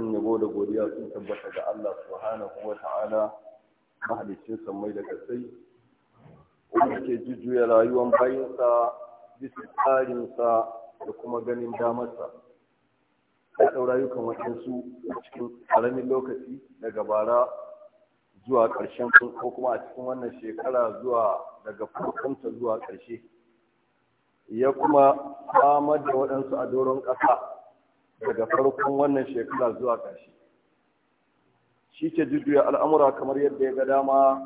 dukkan yabo da godiya sun tabbata ga Allah subhanahu wa ta'ala mahalicin sammai da kasai wanda ke jujjuya rayuwar bayinsa, bisa tsarinsa da kuma ganin damarsa ya ɗau rayukan waɗansu cikin ƙaramin lokaci daga bara zuwa ƙarshen ko kuma a cikin wannan shekara zuwa daga farkonta zuwa ƙarshe ya kuma samar da waɗansu a doron ƙasa daga farkon wannan shekara zuwa ƙarshe shi ke jujjuya al'amura kamar yadda ya ga dama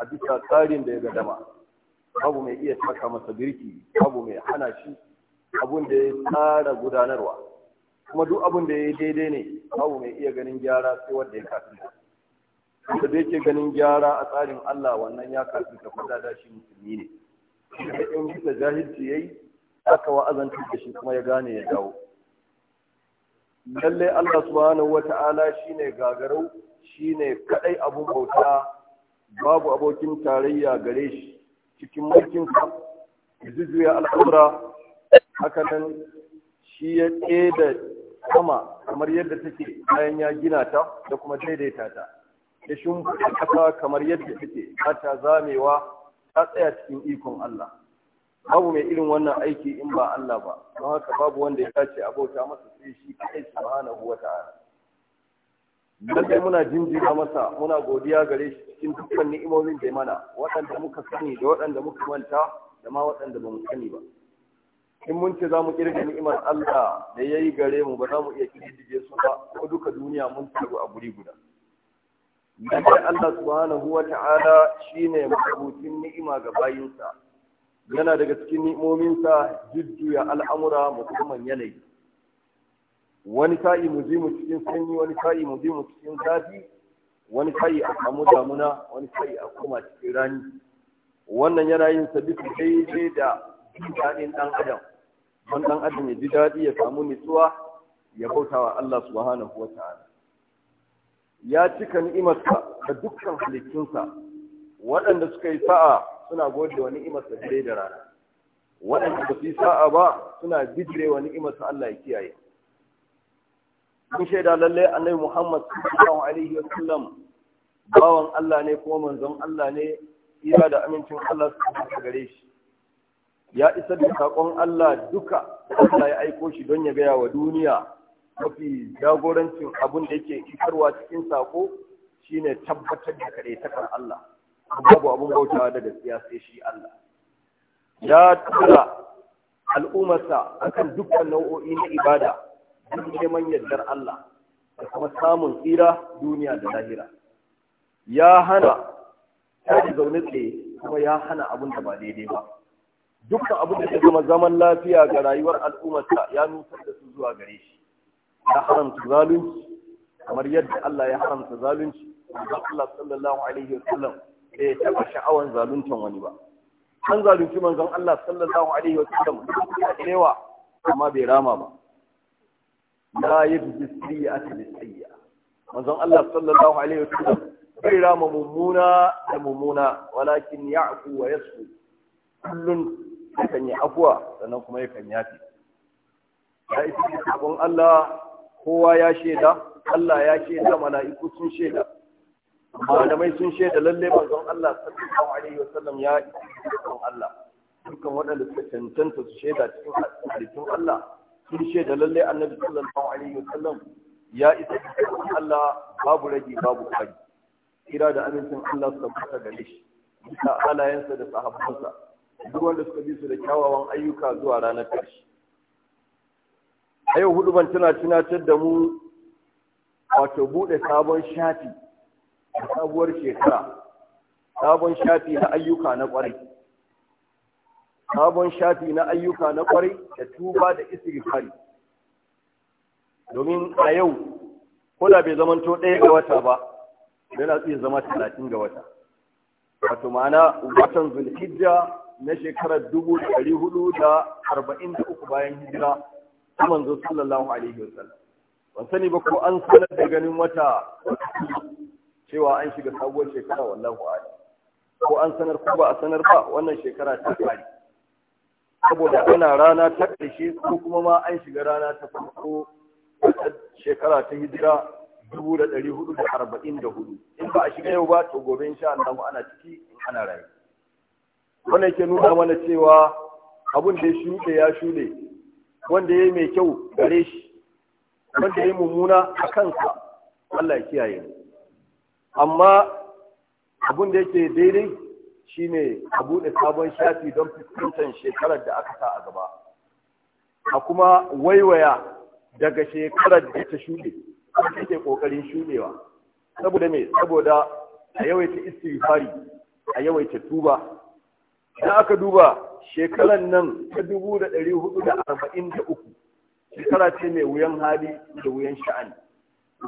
a bisa tsarin da ya ga dama abu mai iya taka masa birki abu mai hana shi abun da ya tsara gudanarwa kuma duk abun da ya yi daidai ne abu mai iya ganin gyara sai wanda ya kafin da da yake ganin gyara a tsarin Allah wannan ya kafin ta kuma da shi musulmi ne in bisa jahilci yayi aka wa'azantar da shi kuma ya gane ya dawo lalle Allah subhanahu wata'ala shine gagarau shine kadai abun bauta babu abokin tarayya gare shi cikin mulkin sa zuzuya al'amura haka nan shi ya da sama kamar yadda take bayan ya gina ta da kuma daidaita ta ya shimfiɗa ƙasa kamar yadda take ta zamewa ta tsaya cikin ikon Allah babu mai irin wannan aiki in ba Allah ba don haka babu wanda ya dace a bauta masa sai shi kai subhanahu wa ta'ala muna jinjira masa muna godiya gare shi cikin dukkan ni'imomin da mana waɗanda muka sani da waɗanda muka manta da ma waɗanda ba mu sani ba in mun ce za mu kirga ni'imar Allah da yayi yi gare mu ba za mu iya kirgije su ba ko duka duniya mun taru a guri guda lallai Allah subhanahu wa ta'ala shine mabutin ni'ima ga bayinsa yana daga cikin ni'imominsa jujjuya al'amura musamman yanayi wani sa'i mu ji mu cikin sanyi wani sa'i mu ji mu cikin zafi wani sa'i a samu damuna wani sa'i a koma cikin rani wannan yana yin sa bisa daidai da jin daɗin ɗan adam don ɗan adam ya ji daɗi ya samu nutsuwa ya bauta wa Allah subhanahu wa ta'ala ya cika ni'imarsa da dukkan halittunsa waɗanda suka yi sa'a suna gode wa ni'imar sa dare da rana waɗanda ba su yi sa'a ba suna bijire wa ni'imar sa Allah ya kiyaye mun shaida lallai annabi Muhammad sallallahu alaihi wa sallam bawan Allah ne kuma manzon Allah ne iya da amincin Allah su gare shi ya isa da sakon Allah duka Allah ya aiko shi don ya gaya wa duniya mafi jagorancin abin da yake isarwa cikin sako shine tabbatar da takar Allah babu abun bautawa da gaskiya sai shi Allah ya tura al'ummarsa akan dukkan nau'o'i na ibada duk neman yardar Allah da kuma samun tsira duniya da lahira ya hana zaune tsaye kuma ya hana abin da ba daidai ba dukkan abin da ta zama zaman lafiya ga rayuwar al'ummarsa ya nufar da su zuwa gare shi ya haramta zalunci kamar yadda Allah ya haramta zalunci Allah sallallahu alaihi wa sallam bai taɓa sha'awan zaluntan wani ba an zalunci manzon Allah sallallahu alaihi wa ya da yawa amma bai rama ba Na yi sayyi'ata a sayyi'a manzon Allah sallallahu alaihi wa bai rama mummuna da mummuna walakin aku wa Kullum ya kan yi afuwa sannan kuma yakan yafi ya isi sabon Allah kowa ya shaida Allah ya shaida mala'iku sun shaida malamai sun shaida lalle manzon Allah sallallahu alaihi wasallam ya yi Allah dukkan waɗanda suka cancanta su shaida cikin hadisin Allah sun shaida lalle annabi sallallahu alaihi wasallam ya isa cikin Allah babu rage babu kai kira da amincin Allah su tabbata da shi bisa alayensa da sahabbansa duk wanda suka bi su da kyawawan ayyuka zuwa ranar ƙarshe a yau hudu ban tana tunatar da mu wato buɗe sabon shafi a sabuwar shekara sabon shafi na ayyuka na kwarai sabon shafi na ayyuka na kwarai da tuba da istighfari domin a yau kula bai zamanto ɗaya ga wata ba yana iya zama talatin ga wata wato ma'ana watan zulhijja na shekarar dubu da ɗari hudu da arba'in da uku bayan hijira ta manzo sallallahu alaihi wasallam ban sani ba ko an sanar da ganin wata cewa an shiga sabuwar shekara wannan a'lam ko an sanar ko ba a sanar ba wannan shekara ta fari saboda ana rana ta ƙarshe ko kuma ma an shiga rana ta farko shekara ta hijira dubu da ɗari hudu da arba'in da hudu in ba a shiga yau ba to gobe sha Allah ana ciki in ana rayu wannan ke nuna mana cewa abun da ya shuɗe ya shuɗe wanda ya yi mai kyau gare shi wanda ya yi mummuna a kansa Allah ya kiyaye mu amma abin da yake daidai shine a buɗe sabon shafi don fuskantar shekarar da aka sa a gaba a kuma waiwaya daga shekarar da ta shuɗe take ƙoƙarin shuɗewa saboda me saboda a yawaita istighfari a yawaita tuba idan aka duba shekarar nan ta dubu da ɗari hudu da arba'in da uku shekara ce mai wuyan hali da wuyan sha'ani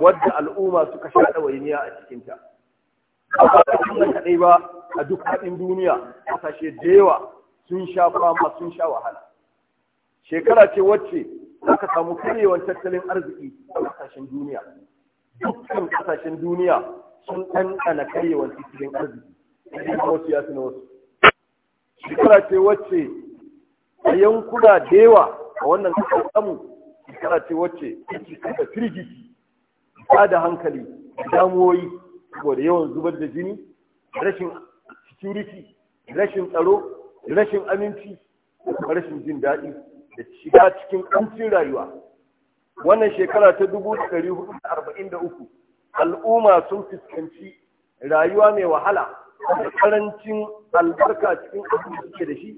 wadda al'umma suka sha ɗawainiya a cikinta a da kaɗai ba a duk haɗin duniya ƙasashe da yawa sun sha fama sun sha wahala shekara ce wacce aka samu karyewar tattalin arziki a kasashen duniya dukkan kasashen duniya sun ɗanɗana karyewar tattalin arziki da wasu ya na wasu shekara ce wacce a yankuna da yawa a wannan kasar samu shekara ce wacce ake kada firgici? ba da hankali damuwoyi saboda yawan zubar da jini rashin security rashin tsaro rashin aminci da rashin jin daɗi da shiga cikin ƙancin rayuwa wannan shekara ta 1443 al'umma sun fuskanci rayuwa mai wahala da ƙarancin albarka cikin abin da suke da shi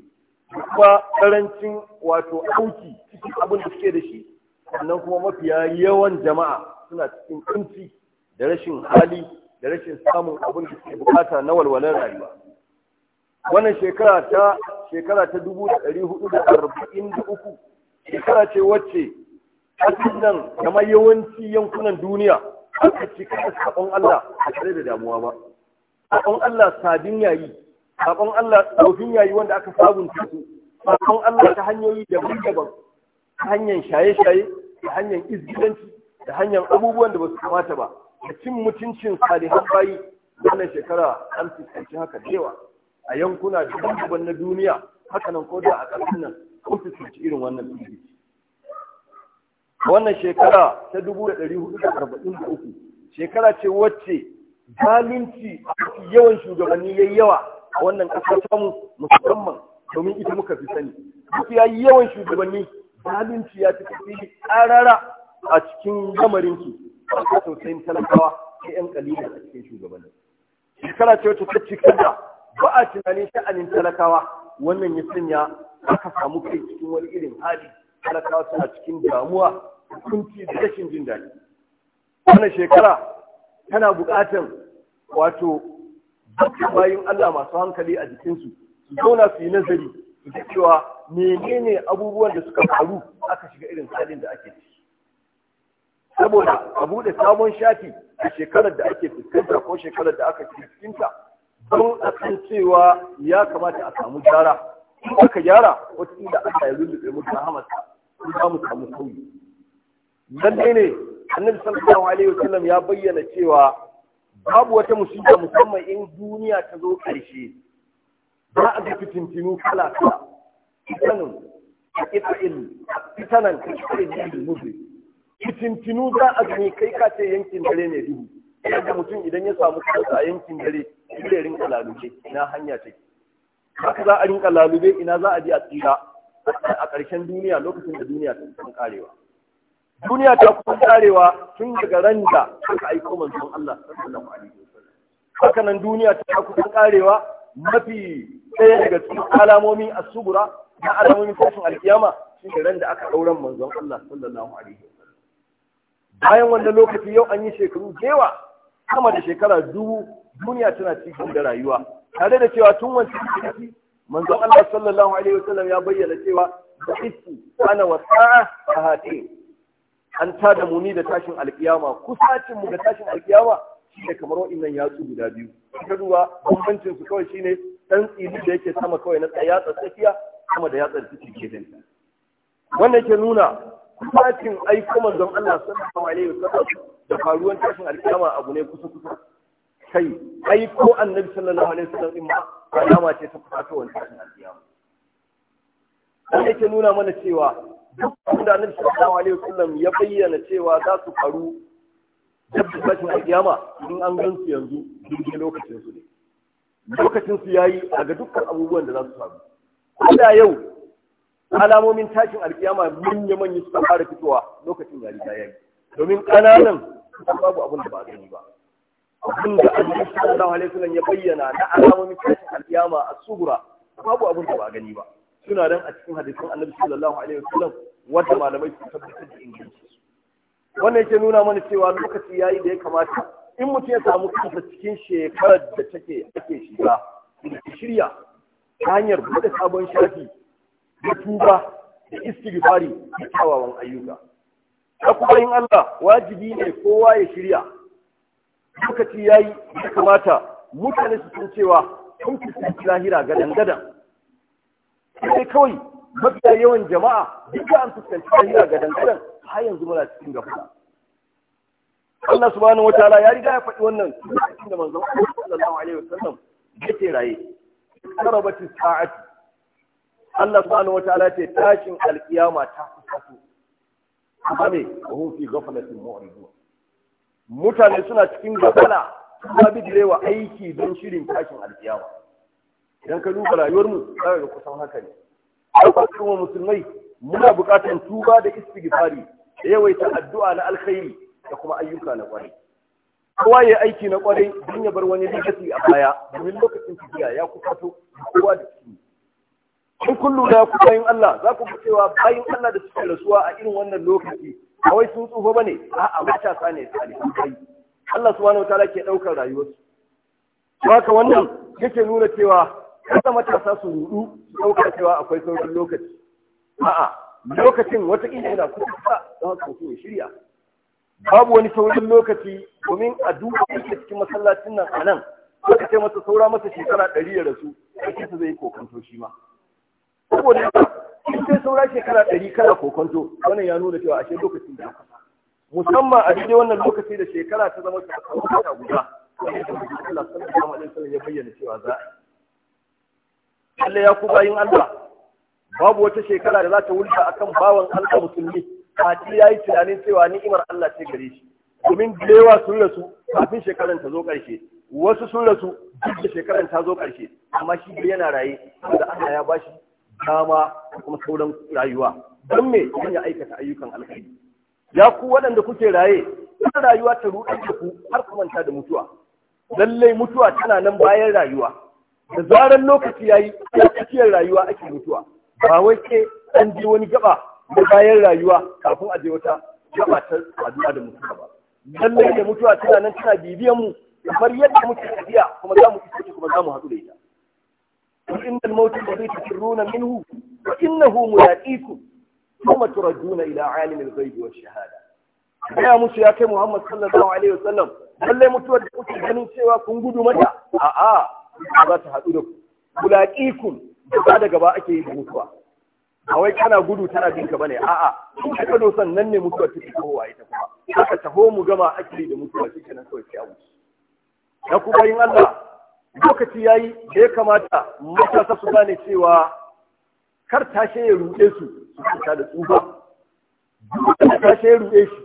da kuma ƙarancin wato auki cikin abin da suke da shi sannan kuma mafiya yawan jama'a suna cikin kunci da rashin hali da rashin samun abin da suke bukata na walwalar rayuwa wannan shekara ta shekara ta uku, shekara ce wacce ƙasar nan kamar yawanci yankunan duniya aka ci kasa sabon Allah a tare da damuwa ba sabon Allah sabin yayi sabon Allah tsofin yayi wanda aka sabunta su sabon Allah ta hanyoyi daban-daban ta hanyar shaye-shaye ta hanyar izgilanci da hanyar abubuwan da ba su kamata ba da cin mutuncin salihan bayi wannan shekara an fuskanci haka da yawa a yankuna daban-daban na duniya haka nan ko da a ƙasar nan an fuskanci irin wannan firgici wannan shekara ta dubu da ɗari hudu da arba'in da uku shekara ce wacce zalunci a yawan shugabanni ya yawa a wannan ƙasar tamu musamman domin ita muka fi sani mafiya yawan shugabanni zalunci ya fi tafi ƙarara a cikin lamarinki ka sosai talakawa ta yan kalilin a cikin shugabannin shekara ce wacce ta cikin da ba a tunanin sha'anin talakawa wannan ya sanya aka samu kai cikin wani irin hali talakawa suna cikin damuwa kunci da rashin jin daɗi wannan shekara tana buƙatar wato dukkan bayin Allah masu hankali a jikinsu su zauna su yi nazari su cewa menene abubuwan da suka faru aka shiga irin halin da ake ciki saboda a bude sabon shafi a shekarar da ake fuskanta ko shekarar da aka fuskanta don a san cewa ya kamata a samu gyara in aka gyara wata inda aka yi lullube mu hamasa in za mu samu sauyi lallai ne annabi sallallahu alaihi sallam ya bayyana cewa babu wata musulma musamman in duniya ta zo ƙarshe za a ga fitintinu kala kala fitanan a fitanan kashe da mutum fitintinu za a gani kai ka ce yankin dare ne duhu yadda mutum idan ya samu kansa a yankin dare ya rinka lalube ina hanya take haka za a rinka lalube ina za a ji a tsira a ƙarshen duniya lokacin da duniya ta kusan karewa duniya ta kusan karewa tun daga ran da aka aiko manzon Allah sallallahu alaihi wasallam haka nan duniya ta kusan karewa mafi ɗaya daga cikin alamomi asubura na alamomin tashin alkiyama shi ran da aka ɗauran manzon Allah sallallahu alaihi wasallam bayan wannan lokaci yau an yi shekaru yawa sama da shekara dubu duniya tana cikin da rayuwa tare da cewa tun wancan lokaci manzon Allah sallallahu alaihi wasallam ya bayyana cewa da iski ana wa a hati an da muni da tashin alkiyama kusacin mu da tashin alkiyama shine kamar wa'annan yatsu guda biyu ka duba bambancin su kawai shine dan tsini da yake sama kawai na yatsa tsakiya sama da yatsar ciki gefen wannan ke nuna ai kuma zan Allah sallallahu alaihi wasallam da faruwan tashin alkiyama abu ne kusa kusa kai aiko annabi sallallahu alaihi wasallam in ma alama ce ta fatuwan tashin alkiyama dan yake nuna mana cewa duk da annabi sallallahu alaihi wasallam ya bayyana cewa za su faru da tashin alkiyama in an gan su yanzu duk lokacin su ne lokacin su yayi a ga dukkan abubuwan da za su faru ko da yau alamomin tashin alkiyama manya manya suka fara fitowa lokacin ya riga yayi domin ƙananan babu abin da ba a gani ba abin da annabi sallallahu alaihi wasallam ya bayyana na alamomin tashin alkiyama a sugura babu abin da ba a gani ba suna dan a cikin hadisin annabi sallallahu alaihi wasallam wanda malamai su tabbatar da inganci wannan yake nuna mana cewa lokaci yayi da ya kamata in mutum ya samu kansa cikin shekarar da take ake shiga shirya ta hanyar buɗe sabon shafi da tuba da istighfari da kyawawan ayyuka akwai in Allah wajibi ne kowa ya shirya lokaci yayi ya kamata mutane su san cewa kun fuskanci lahira gadan gadan sai kawai mafiya yawan jama'a duka an fuskanci lahira ga gadan har yanzu muna cikin gaba Allah subhanahu wataala ya riga ya faɗi wannan cikin da manzon Allah sallallahu alaihi wasallam yake raye qarabatis sa'ati Allah subhanahu ala ce tashin alkiyama ta kusato amma me hum fi ghaflatin mu'ridun mutane suna cikin gafala kuma direwa aiki don shirin tashin alkiyama idan ka duba rayuwar mu ga kusan haka ne kuma musulmai muna buƙatar tuba da istighfari da yawaita addu'a na alkhairi da kuma ayyuka na kwarai kowa ya aiki na kwarai don ya bar wani legacy a baya domin lokacin tafiya ya kusato kowa da cikin in kulluna lura ku bayin Allah za ku fi cewa bayin Allah da suke rasuwa a irin wannan lokaci kawai sun tsufa ba bane a'a matasa ne salihan bayi Allah subhanahu wataala ke daukar rayuwarsu haka wannan yake nuna cewa kada matasa su rudu su dauka cewa akwai sauran lokaci a'a lokacin wata kila yana sa don haka mutum ya shirya babu wani saurin lokaci domin a duka yake cikin masallacin nan a nan aka ce masa saura masa shekara ɗari ya rasu a kisa zai ko shi ma saboda in sai saura shekara ɗari kana kokonto wannan ya nuna cewa ashe lokacin da musamman a daidai wannan lokaci da shekara ta zama ta guda Allah sallallahu alaihi wasallam ya bayyana cewa za Allah ya ku bayin Allah babu wata shekara da za ta wuce akan bawan Allah musulmi Fati ya yi tunanin cewa ni'imar Allah ce gare shi domin lewa sun rasu kafin shekaran ta zo ƙarshe wasu sun rasu duk da shekaran ta zo ƙarshe amma shi bai yana raye saboda Allah ya bashi dama da kuma sauran rayuwa don me don ya aikata ayyukan alkhairi ya ku waɗanda kuke raye kuma rayuwa ta ruɗe da ku har ku manta da mutuwa lallai mutuwa tana nan bayan rayuwa da zarar lokaci yayi ya tafiyar rayuwa ake mutuwa ba wai ke an je wani gaba da bayan rayuwa kafin a je wata gaba ta addu'a da mutuwa ba lallai da mutuwa tana nan tana bibiyan mu kamar yadda muke tafiya kuma za mu isa kuma za mu haɗu da ita وإن الموت الذي تفرون منه فإنه ملاقيكم ثم تردون إلى عالم الغيب والشهادة يا musu ya kai Muhammad sallallahu alaihi wasallam lalle mutuwar da kuke ganin cewa kun gudu mata a'a za ta haɗu da ku kulaqikum ba da gaba ake yi mutuwa a wai kana gudu ta bin ka bane a'a kun ka kado sannan ne mutuwar take kowa ita kuma haka taho mu gama ake da mutuwa shi kenan kawai sai a wuce ya kuma yin Allah lokaci ya yi da ya kamata matasa su gane cewa kar tashe ya ruɗe su su fita da tsufa duk tashe ya ruɗe shi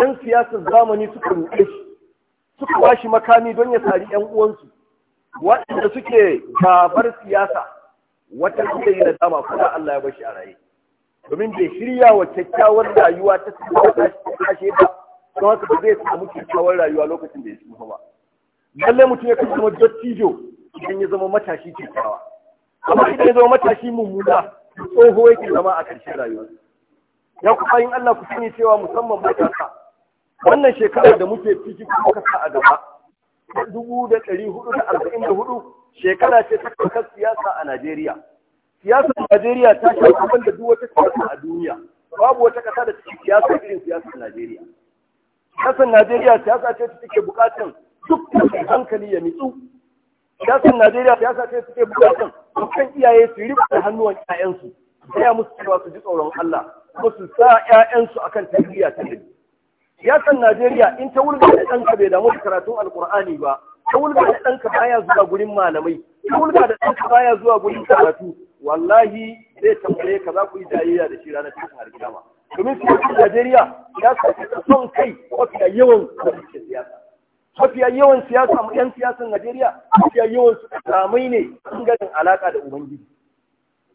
ɗan siyasar zamani suka ruɗe shi suka bashi makami don ya sari ‘yan uwansu waɗanda suke gabar siyasa wata suka yi da dama kuma Allah ya shi a raye domin bai shirya wa kyakkyawar rayuwa ta tashe ba don haka ba zai samu kyakkyawar rayuwa lokacin da ya tsufa ba lallai mutum ya zama dattijo idan ya zama matashi kyakkyawa amma idan ya zama matashi mummuna tsoho yake zama a ƙarshen rayuwa ya kuma yin Allah ku sani cewa musamman matasa wannan shekarar da muke ciki kuma kasa a gaba dubu da ɗari hudu da arba'in da hudu shekara ce ta kakar siyasa a Najeriya. Siyasar Najeriya ta shafi wanda duk wata siyasa a duniya. Babu wata ƙasa da ci siyasa irin siyasar Najeriya. Siyasar Najeriya siyasa ce ta take buƙatar dukkan hankali ya nitsu siyasar najeriya siyasa ce suke bukatan dukkan iyaye su riba da hannuwan 'ya'yansu ya musu cewa su ji tsoron Allah kuma su sa 'ya'yansu akan tarbiyya ta gari siyasar najeriya in ta wulga da ɗanka bai damu da karatun alkur'ani ba ta wulga da ɗanka baya zuwa gurin malamai ta wulga da ɗanka baya zuwa gurin karatu wallahi zai tambaye ka za ku yi jayayya da shi ranar cikin harkiyama domin siyasar najeriya ya sa son kai mafiya yawan mafiya yawan siyasa mu yan siyasan Najeriya mafiya yawan su kamai ne bangaren alaƙa da ubangiji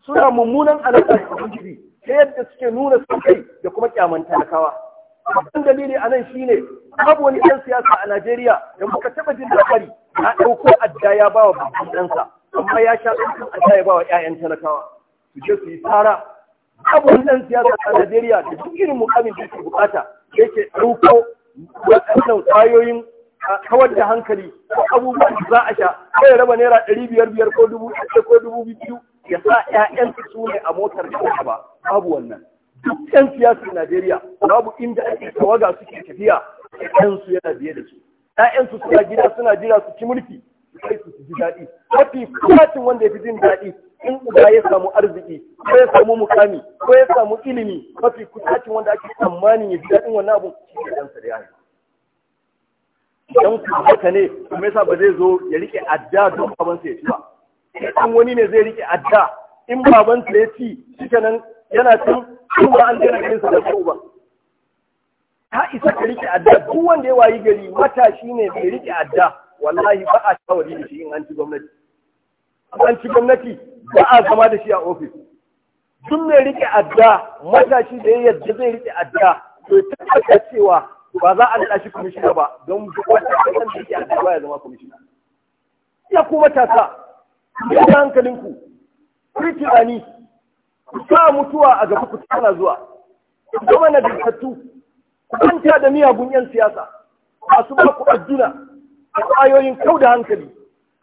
suna mummunan alaƙa da ubangiji ta yadda suke nuna su kai da kuma kyaman talakawa babban dalili a nan shine babu wani ɗan siyasa a Najeriya da muka taɓa jin labari ya ɗauko adda ya ba wa babban ɗansa amma ya sha ɗaukan adda ya ba wa ƴaƴan talakawa su je su yi tara babu wani ɗan siyasa a Najeriya da duk irin mukamin da yake bukata yake ɗauko waɗannan ƙwayoyin kawar da hankali ko abubuwan da za a sha ko raba naira ɗari biyar biyar ko dubu ɗaya ko dubu biyu ya sa ƴaƴan su ne a motar da ba babu wannan duk ƴan siyasar Najeriya babu inda ake tawaga suke tafiya su yana biye da su su suna gida suna jira su ci mulki sai su ji daɗi mafi kwatin wanda ya fi jin daɗi in uba ya samu arziki ko ya samu mukami ko ya samu ilimi mafi kusacin wanda ake tsammanin ya ji daɗin wannan abun shi ne ɗansa da yaya don ku haka ne kuma yasa ba zai zo ya rike adda don babansa ya ci ba in wani ne zai rike adda in babansa ya ci shikenan yana cin kuma an daina ganin sa da ba ta isa ka rike adda duk wanda ya wayi gari matashi ne mai rike adda wallahi ba a shawari da shi in an ci gwamnati an ci gwamnati ba a zama da shi a ofis duk mai rike adda matashi da ya yadda zai rike adda to ta cewa ba za a naɗa shi kwamishina ba don wata kasan da yake a ba ya zama kwamishina ya kuma tasa ya ta hankalinku ku yi tunani mutuwa a gaba ku tana zuwa ku zama nagartattu ku kwanta da miyagun 'yan siyasa masu ba ku adduna a ƙwayoyin kau da hankali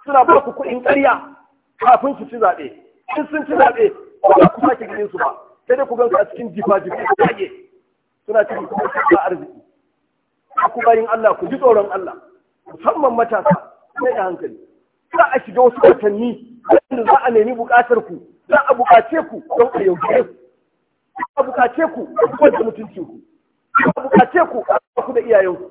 suna ba ku kuɗin ƙarya kafin su ci zaɓe in sun ci zaɓe ba ku sake ganin su ba sai dai ku gansu a cikin jifa-jifa suna cikin kuma arziki ku bayin Allah ku ji tsoron Allah musamman matasa sai da hankali za a shiga wasu watanni wanda za a nemi bukatar ku za a bukace ku don a yaudare ku za a bukace ku a kuma da mutunci ku za a bukace ku a raba ku da iyayen ku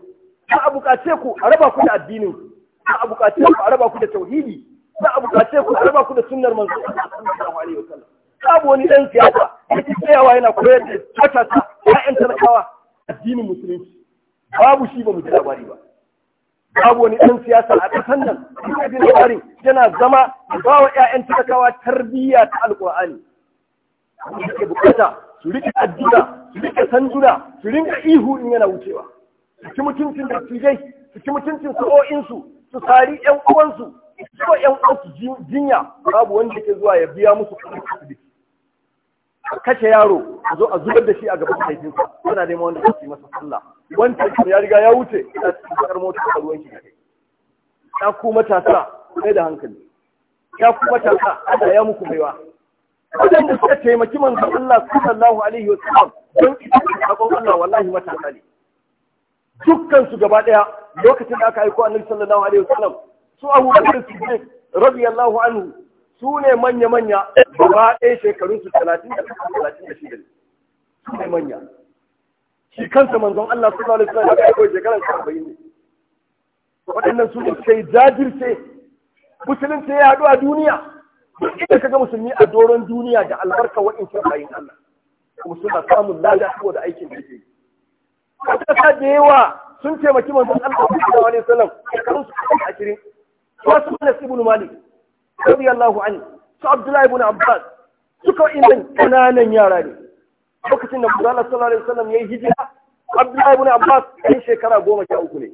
za a bukace ku a raba ku da addinin ku za a bukace ku a raba ku da tauhidi za a bukace ku a raba ku da sunnar manzo sallallahu alaihi wasallam babu wani dan siyasa yake tsayawa yana koyar da matasa ya'yan talakawa addinin musulunci babu shi ba mu ji labari ba babu wani ɗan siyasa a ƙasar nan duk da labarin yana zama ba wa 'ya'yan talakawa tarbiyya ta alƙur'ani da ke bukata su rike addu'a su rike sanduna su rinka ihu in yana wucewa su ci mutuncin da su su ci mutuncin sa'o'insu su sari 'yan uwansu su ko 'yan uwansu jinya babu wanda ke zuwa ya biya musu kuɗin asibiti kashe yaro a zo a zubar da shi a gaban mahaifinsa yana neman wanda su yi masa sallah wancan kam ya riga ya wuce ina cikin bakar mota a ruwan ki ya ku matasa sai da hankali ya ku matasa Allah ya muku baiwa da suka taimaki manzon Allah sallallahu alaihi wa sallam don ita sakon Allah wallahi matasa ne dukkan su gaba daya lokacin da aka aiko annabi sallallahu alaihi wa sallam su Abu Bakr Siddiq radiyallahu anhu su ne manya manya gaba ɗaya shekarun su 30 da 36 su ne manya shi kansa manzon Allah sallallahu alaihi wasallam ya kai shekaran 40 ne waɗannan su ne sai jajirce musulunci ya haɗu a duniya duk inda kaga musulmi a doron duniya da albarka wa'insu bayin Allah kuma suna samun lada saboda aikin da yake wata da yawa sun taimaki manzon Allah sallallahu alaihi wasallam kan su a cikin wasu Anas ibn Malik radiyallahu anhu su Abdullahi ibn Abbas suka wa'innan kananan yara ne lokacin da manzo Allah sallallahu alaihi wasallam yayi hijira Abdullahi ibn Abbas yayin shekara goma sha uku ne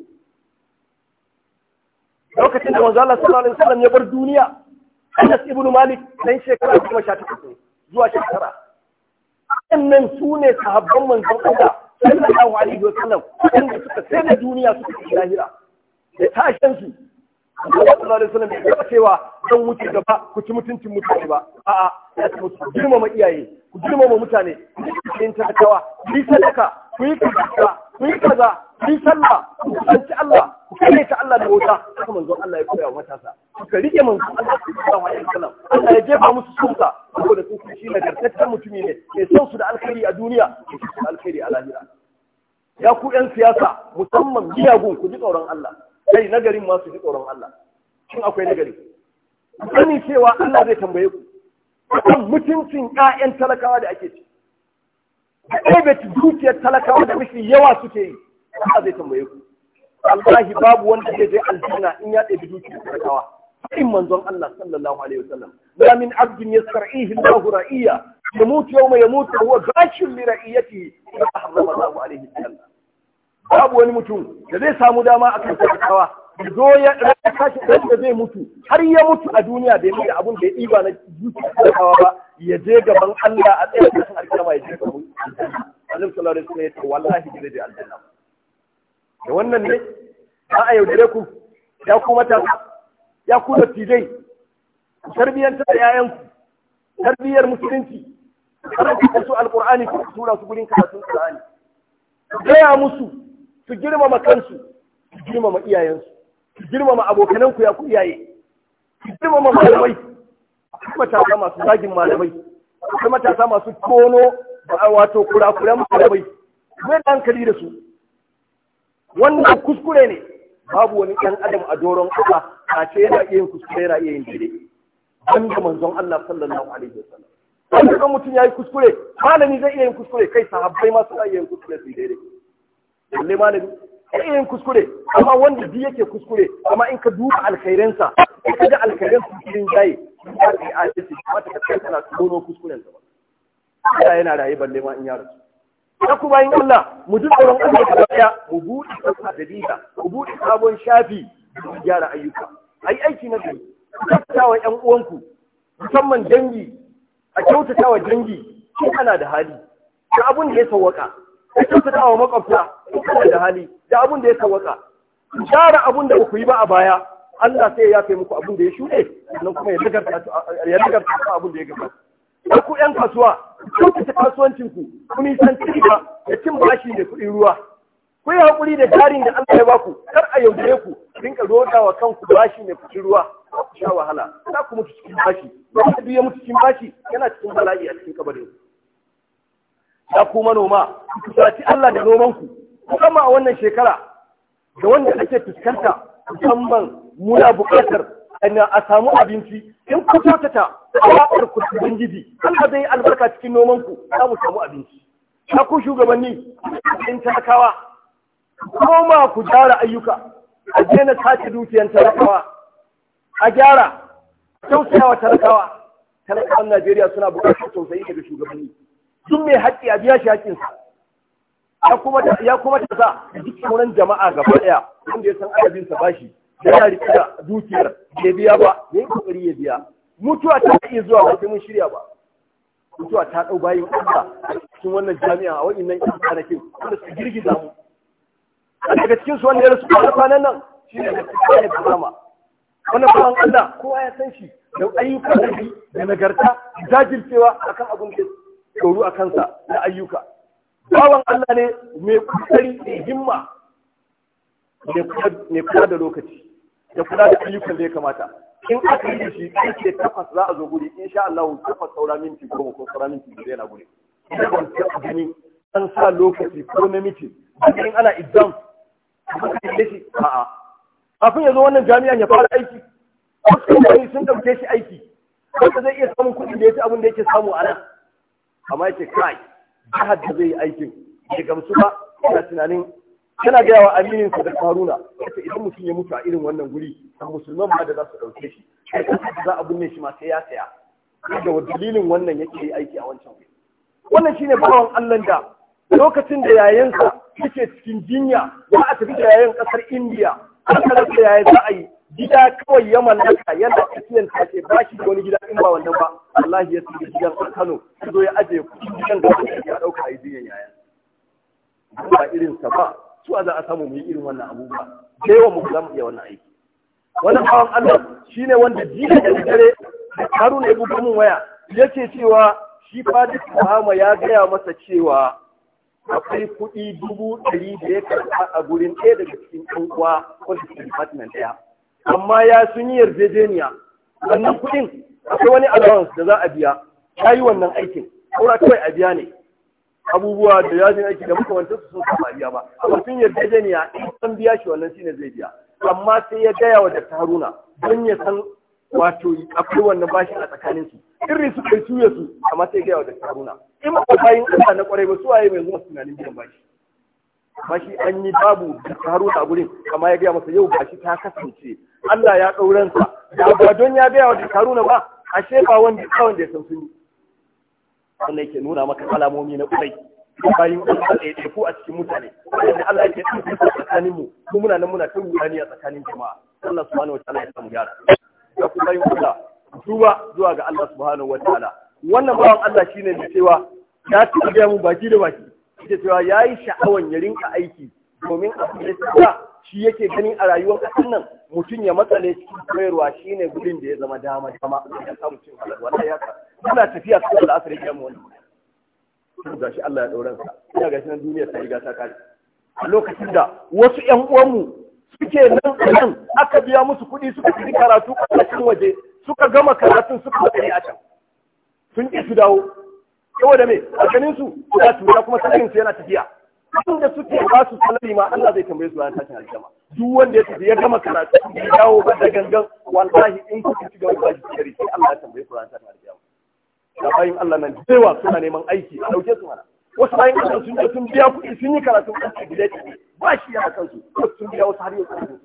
lokacin da manzo Allah sallallahu alaihi wasallam ya bar duniya Anas ibn Malik yayin shekara goma sha takwas zuwa shekara annan sune sahabban manzo Allah sallallahu alaihi wasallam wanda suka sai da duniya suka yi lahira da tashin su Allah sallallahu alaihi wasallam ya cewa zan wuce gaba ku ci mutuncin mutane ba a'a ya ci mutu girmama iyaye ku girmama mutane ku yi talakawa ku yi sadaka ku yi kaza ku yi kaza ku yi sallah ku kusanci Allah ku kare ta Allah da wuta haka manzon Allah ya koya wa matasa ka rike manzon Allah sallallahu alaihi wasallam Allah ya jefa musu sunsa saboda sun san shi nagartaccen mutumi ne mai son su da alkhairi a duniya mai su da alkhairi a lahira ya ku yan siyasa musamman miyagun ku ji tsoron Allah kai nagarin ma su ji tsoron Allah shin akwai nagari sani cewa Allah zai tambaye ku akan mutuncin 'ya'yan talakawa da ake ci ɗaibe dukiyar talakawa da mafi yawa suke yi ba zai tambaye ku wallahi babu wanda zai je aljanna in ya ɗaibi dukiyar talakawa in manzon Allah sallallahu alaihi wasallam la min abdin yastar'ihi Allah ra'iya yamutu yawma yamutu huwa ghashun li ra'iyatihi harrama Allah alaihi wasallam babu wani mutum da zai samu dama akan talakawa zo ya kashe shi da zai mutu har ya mutu a duniya bai mai abun da ya ɗiba na zuciya talakawa ba ya je gaban Allah a tsaye da alkama ya je gaban Allah sallallahu alaihi wasallam ya ce wallahi zai je aljanna da wannan ne ba a yaudare ku ya kuma mata ya ku da tijai tarbiyyar ta yayan ku tarbiyyar musulunci karanta su alqur'ani ku tura su gurin karatun qur'ani gaya musu su girmama kansu su girmama iyayensu ki girmama abokanan ku ya ku iyaye ki girmama malamai akwai matasa masu zagin malamai akwai matasa masu tono wato kurakuran malamai kuma da hankali da su wannan kuskure ne babu wani ɗan adam a doron ƙasa a ce yana iya yin kuskure yana iya yin daidai dan da manzon Allah sallallahu alaihi wasallam wanda kan mutum ya yi kuskure malami zai iya yin kuskure kai sahabbai ma suna iya yin kuskure su daidai balle malami kar irin kuskure amma wanda duk yake kuskure amma in ka duba alkhairansa in ka ga alkhairan su cikin jaye ba ka yi adalci amma ta kasance kana tono kuskuren ba Allah yana raye balle ma in ya rasu ya kuma yin Allah mu ji tsoron Allah da daya mu buɗe kasa da diga mu buɗe sabon shafi mu gyara ayyuka ayi aiki na gari kyautatawa 'yan uwanku musamman dangi a kyautatawa dangi shi ana da hali ta abun da ya sawwaka a kyautata wa makwabta kuma da hali da abin da ya sawaka Shara abun da uku yi ba a baya Allah sai ya yafe muku abin da ya shuɗe sannan kuma ya nagarta ya abin da ya gaba ku yan kasuwa kyautata kasuwancin ku ku nisan ba da cin bashi da kuɗin ruwa ku yi haƙuri da jarin da Allah ya ku kar a yaudare ku rinka roda wa kanku bashi mai kuɗin ruwa ku sha wahala za ku mutu cikin bashi ba duk biya mutu cikin bashi yana cikin bala'i a cikin kabarin ya ku manoma ku sati Allah da nomanku. ku a wannan shekara da wanda ake fuskanta musamman muna buƙatar a samu abinci in ku kyautata alaƙar ku cikin gidi, Allah zai yi albarka cikin nomanku, ku za mu samu abinci ya ku shugabanni in talakawa koma ku gyara ayyuka a daina sace dukiyan talakawa a gyara tausayawa talakawa talakawan Najeriya suna bukatar tausayi daga shugabanni duk mai haƙƙi a biya shi haƙƙinsa ya kuma ta sa duk sauran jama'a gaba ɗaya wanda ya san adabinsa bashi da yari da dukiyar ya biya ba ya yi kokari ya biya mutuwa ta iya zuwa ba sai mun shirya ba mutuwa ta ɗau bayin ƙasa cikin wannan jami'a a wa'innan ƴan kwanakin wanda su girgiza mu daga cikin su wanda ya rasu kwana kwanan nan shi ne da cikin ya karama wannan bawan Allah kowa ya san shi da ayyukan da nagarta jajircewa akan abin da doru a kansa na ayyuka bawan Allah ne mai kusari da himma mai kula da lokaci da kula da ayyukan da ya kamata in aka yi shi kake tafas za a zo guri in sha Allah tafas saura minti goma ko saura minti biyar yana guri Ina ban ta gani an sa lokaci ko na miti in ana idan kuma ka yi shi a'a kafin ya zo wannan jami'an ya fara aiki wasu kamfani sun ɗauke shi aiki wanda zai iya samun kuɗi da ya ci abin da yake samu a nan amma yace kai jihar da zai yi aikin da gamsu ba yana tunanin yana gaya wa aminin sa da karuna yace idan mutum ya mutu a irin wannan guri a musulman ma da za su dauke shi sai za a binne shi ma sai ya saya wa dalilin wannan yake yi aiki a wancan guri wannan shine bawan Allah da lokacin da yayansa yake cikin jinya ya a tafi da yayan kasar India aka da yayan za a yi gida kawai ya mallaka yana tafiyan ce, ba shi da wani gida in ba wannan ba Allah ya tsira gidan a Kano zo ya aje kuɗin gidan da ya dauka a idiyan yaya ba irin sa ba su za a samu mu yi irin wannan abubuwa da yawan mu za mu iya wannan aiki wannan bawan Allah shine wanda jiya da dare Haruna ya buga mun waya ce cewa shi Fadi Muhammad ya gaya masa cewa akwai kuɗi dubu ɗari da ya karɓa a gurin ɗaya daga cikin ɗan uwa ko department ɗaya amma ya sun yi yarjejeniya wannan kuɗin akwai wani allowance da za a biya ya yi wannan aikin saura kawai a biya ne abubuwa da ya aiki da makamantar su sun kama biya ba amma sun yarjejeniya in san biya shi wannan shine zai biya amma sai ya gaya wa dakta Haruna don ya san wato akwai wannan bashin a tsakanin su irri su kai su amma sai ya gaya wa dakta Haruna in ba bayin Allah na kwarai ba su waye mai zuwa tunanin biyan bashi amma an yi babu haruna a gurin amma ya gaya masa yau gashi ta kasance Allah ya ɗauransa da ba don ya gaya wa haruna ba ashe ba wanda kawai da ya san sun yi wannan yake nuna maka alamomi na kurai bayan Allah ya tafi a cikin mutane wanda Allah yake tafi a tsakanin mu mu muna nan muna ta rudani a tsakanin jama'a Allah subhanahu wa ta'ala ya samu gyara da ku bayan Allah tuba zuwa ga Allah subhanahu wa ta'ala wannan bawan Allah shine mai cewa ya ci ga mu baki da baki yake cewa ya yi sha'awan ya rinka aiki domin a da sa shi yake ganin a rayuwar ƙasar nan mutum ya matsale cikin koyarwa shi ne gudun da ya zama dama dama ya samu cin halar wanda ya ka yana tafiya su da asiri ya mu ga shi Allah ya dauran sa ina shi nan duniya ta riga ta kare a lokacin da wasu ƴan uwanmu suke nan nan aka biya musu kuɗi suka yi karatu a cikin waje suka gama karatun suka tsare a can sun ƙi su dawo saboda me a ganin su suna cuta kuma sanin su yana tafiya da suke ba su salari ma Allah zai tambaye su ranar tashin aljama. duk wanda ya tafi ya gama karatu ya dawo ba da gangan wallahi in kuka ci gaba da shi sai Allah ya tambaye su ranar tashin aljama. da bayin Allah nan da suna neman aiki a dauke su mana wasu bayan Allah sun je sun biya kuɗi sun yi karatun aiki gida ba shi yana kansu wasu sun biya wasu har yau sun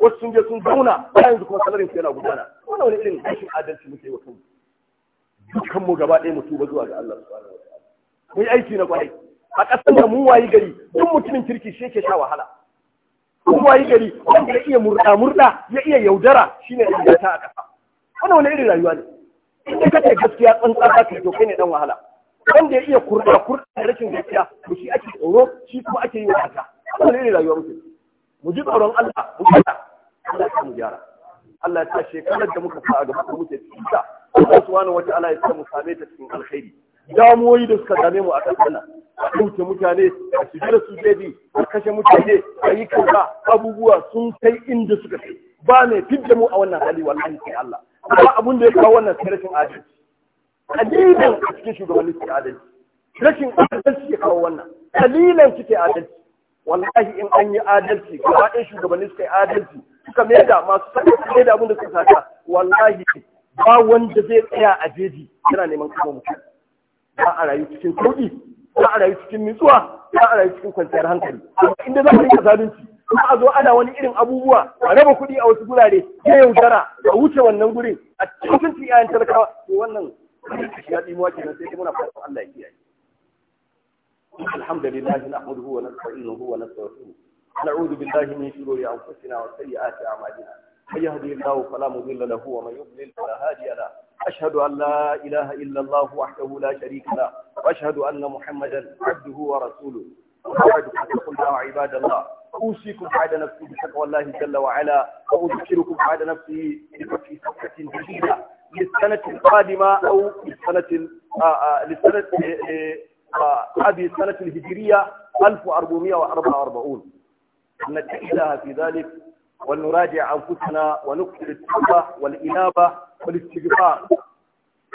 wasu sun je sun zauna bayan su kuma salarin su yana gudana wannan wani irin rashin adalci muke wa kanmu Dukkanmu gaba ɗaya mu tuba zuwa ga Allah mu yi aiki na kwarai a ƙasar da mu wayi gari duk mutumin kirki shi yake sha wahala mun wayi gari wanda ya iya murɗa murɗa ya iya yaudara shine da ta a ƙasa wannan wani irin rayuwa ne in ka ce gaskiya tsantsa ka to kai ne dan wahala wanda ya iya kurɗa da rashin gaskiya to shi ake tsoro shi kuma ake yi wa wata wannan irin rayuwa mutum mu ji tsoron Allah mu ji Allah ya mu gyara Allah ya sa shekarar da muka sa a gaba muke tsita Allah subhanahu ta'ala ya samu same ta cikin alkhairi damuwoyi da suka dame mu a ƙasar a ɗauke mutane a shiga da su jeji a kashe mutane a yi kanka abubuwa sun kai inda suka kai ba mai fidda mu a wannan hali wallahi sai Allah amma abun da ya kawo wannan sai rashin adalci kalilan a cikin shugabanni suke adalci rashin adalci ya kawo wannan kalilan suke adalci wallahi in an yi adalci gaba ɗaya shugabanni suka yi adalci suka da masu saka da abin da suka saka wallahi ba wanda zai tsaya a jeji yana neman kama mutum ba a rayu cikin sauƙi ba a rayu cikin nutsuwa ba a rayu cikin kwanciyar hankali inda za a rika zalunci ba a zo ana wani irin abubuwa a raba kuɗi a wasu gurare ya yaudara a wuce wannan gurin a cikin iyayen talakawa to wannan ya tsimuwa kenan sai dai muna fatan Allah ya kiyaye الحمد لله نحمده ونستعينه ونستغفره نعوذ بالله من شرور انفسنا وسيئات اعمالنا من يهدي الله فلا مضل له ومن يضلل فلا هادي له أشهد أن لا إله إلا الله وحده لا شريك له وأشهد أن محمدا عبده ورسوله وبعد فاتقوا الله عباد الله أوصيكم بعد نفسي بتقوى الله جل وعلا وأذكركم بعد نفسي بفتح صفحة جديدة للسنة القادمة أو للسنة آه، آه، للسنة آه، هذه السنة الهجرية 1444 نتحدها في ذلك ونراجع أنفسنا ونكثر التوبة والإنابة والاستغفار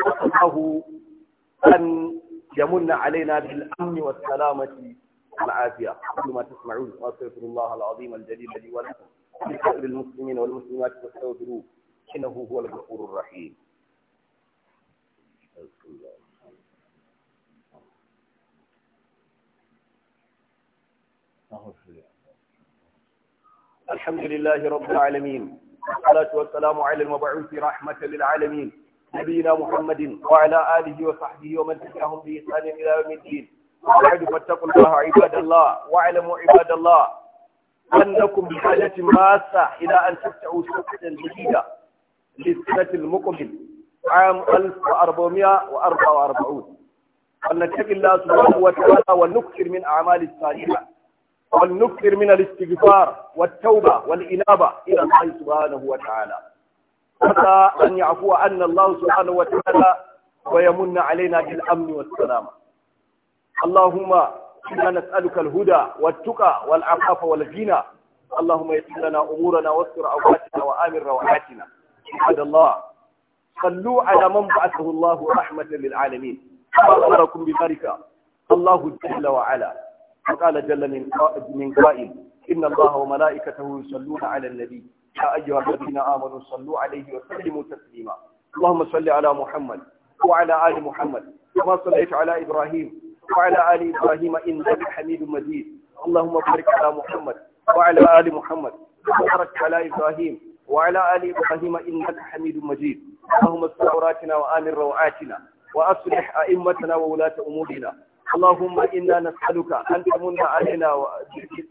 نسأله أن يمن علينا بالأمن والسلامة والعافية كل ما تسمعون وأستغفر الله العظيم الجليل لي ولكم ولسائر المسلمين والمسلمات فاستغفروه إنه هو الغفور الرحيم أغفر الحمد لله رب العالمين والصلاة والسلام على المبعوث رحمة للعالمين نبينا محمد وعلى آله وصحبه ومن تبعهم بإحسان إلى يوم الدين وبعد فاتقوا الله عباد الله واعلموا عباد الله أنكم بحاجة ماسة إلى أن تفتحوا صفحة جديدة للسنة المقبل عام 1444 أن نتقي الله سبحانه وتعالى ونكثر من أعمال الصالحة ولنكثر من الاستغفار والتوبة والإنابة إلى الله سبحانه وتعالى حتى أن يعفو أن الله سبحانه وتعالى ويمن علينا بالأمن والسلامة اللهم إنا نسألك الهدى والتقى والعفاف والغنى اللهم يسر لنا أمورنا واستر أوقاتنا وآمن روعاتنا عباد الله صلوا على من بعثه الله رحمة للعالمين أمركم بذلك الله جل وعلا وقال جل من من قائل إن الله وملائكته يصلون على النبي يا أيها الذين آمنوا صلوا عليه وسلموا تسليما اللهم صل على محمد وعلى آل محمد كما صليت على إبراهيم وعلى آل إبراهيم إنك حميد مجيد اللهم بارك على محمد وعلى آل محمد وبارك على إبراهيم وعلى آل إبراهيم إنك حميد مجيد اللهم استر عوراتنا وآمن روعاتنا وأصلح أئمتنا وولاة أمورنا اللهم إنا نسألك أن تمن علينا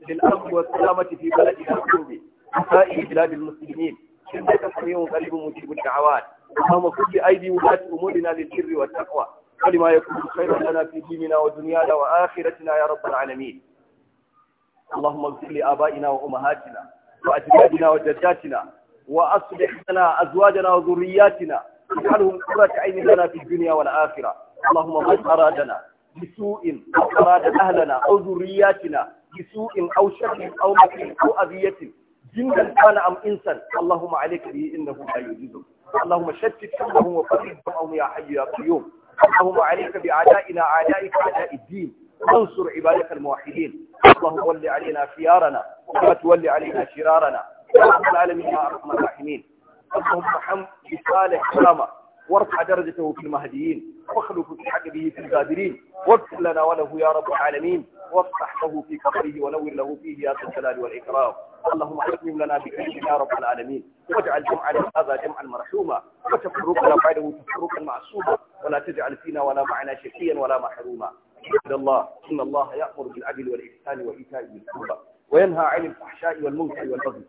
بالأمن والسلامة في بلدنا الكوبي وسائر بلاد المسلمين إنك سميع قريب مجيب الدعوات اللهم كل بأيدي ولاة أمورنا للبر والتقوى ولما يكون خيرا لنا في ديننا ودنيانا وآخرتنا يا رب العالمين اللهم اغفر لآبائنا وأمهاتنا وأجدادنا وجداتنا وأصلح لنا أزواجنا وذرياتنا واجعلهم قرة عين لنا في الدنيا والآخرة اللهم من أرادنا bisu'in aw da ahlana aw dhurriyyatina bisu'in aw sharrin aw makin aw aziyatin jindan kana am insan allahumma alayka bihi innahu la yujizuk اللهم شتت كلهم وفرق بينهم يا حي يا قيوم اللهم عليك باعدائنا اعدائك اعداء الدين وانصر عبادك الموحدين اللهم ول علينا خيارنا ولا تول علينا شرارنا يا رب العالمين يا ارحم الراحمين اللهم حمد بصالح كرامه وارفع درجته في المهديين واخلف في حقبه في الغابرين واغفر لنا وله يا رب العالمين وافتح له في قبره ونور له فيه يا ذا الجلال والإكرام اللهم اكرم لنا بكرمك يا رب العالمين واجعل جمعنا هذا جمعا مرحوما وتفرقنا بعده تفرقا معصوما ولا تجعل فينا ولا معنا شقيا ولا محروما عباد الله إن الله يأمر بالعدل والإحسان وإيتاء ذي القربى وينهى عن الفحشاء والمنكر والبغي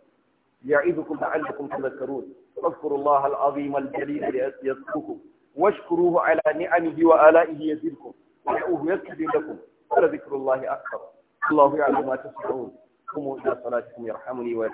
يعظكم لعلكم تذكرون فاذكروا الله العظيم الجليل يذكركم واشكروه على نعمه وآلائه يزدكم ودعوه يسجد لكم ولذكر الله أكبر الله يعلم ما تصنعون قوموا إلى صلاتكم يرحمني ويرحمني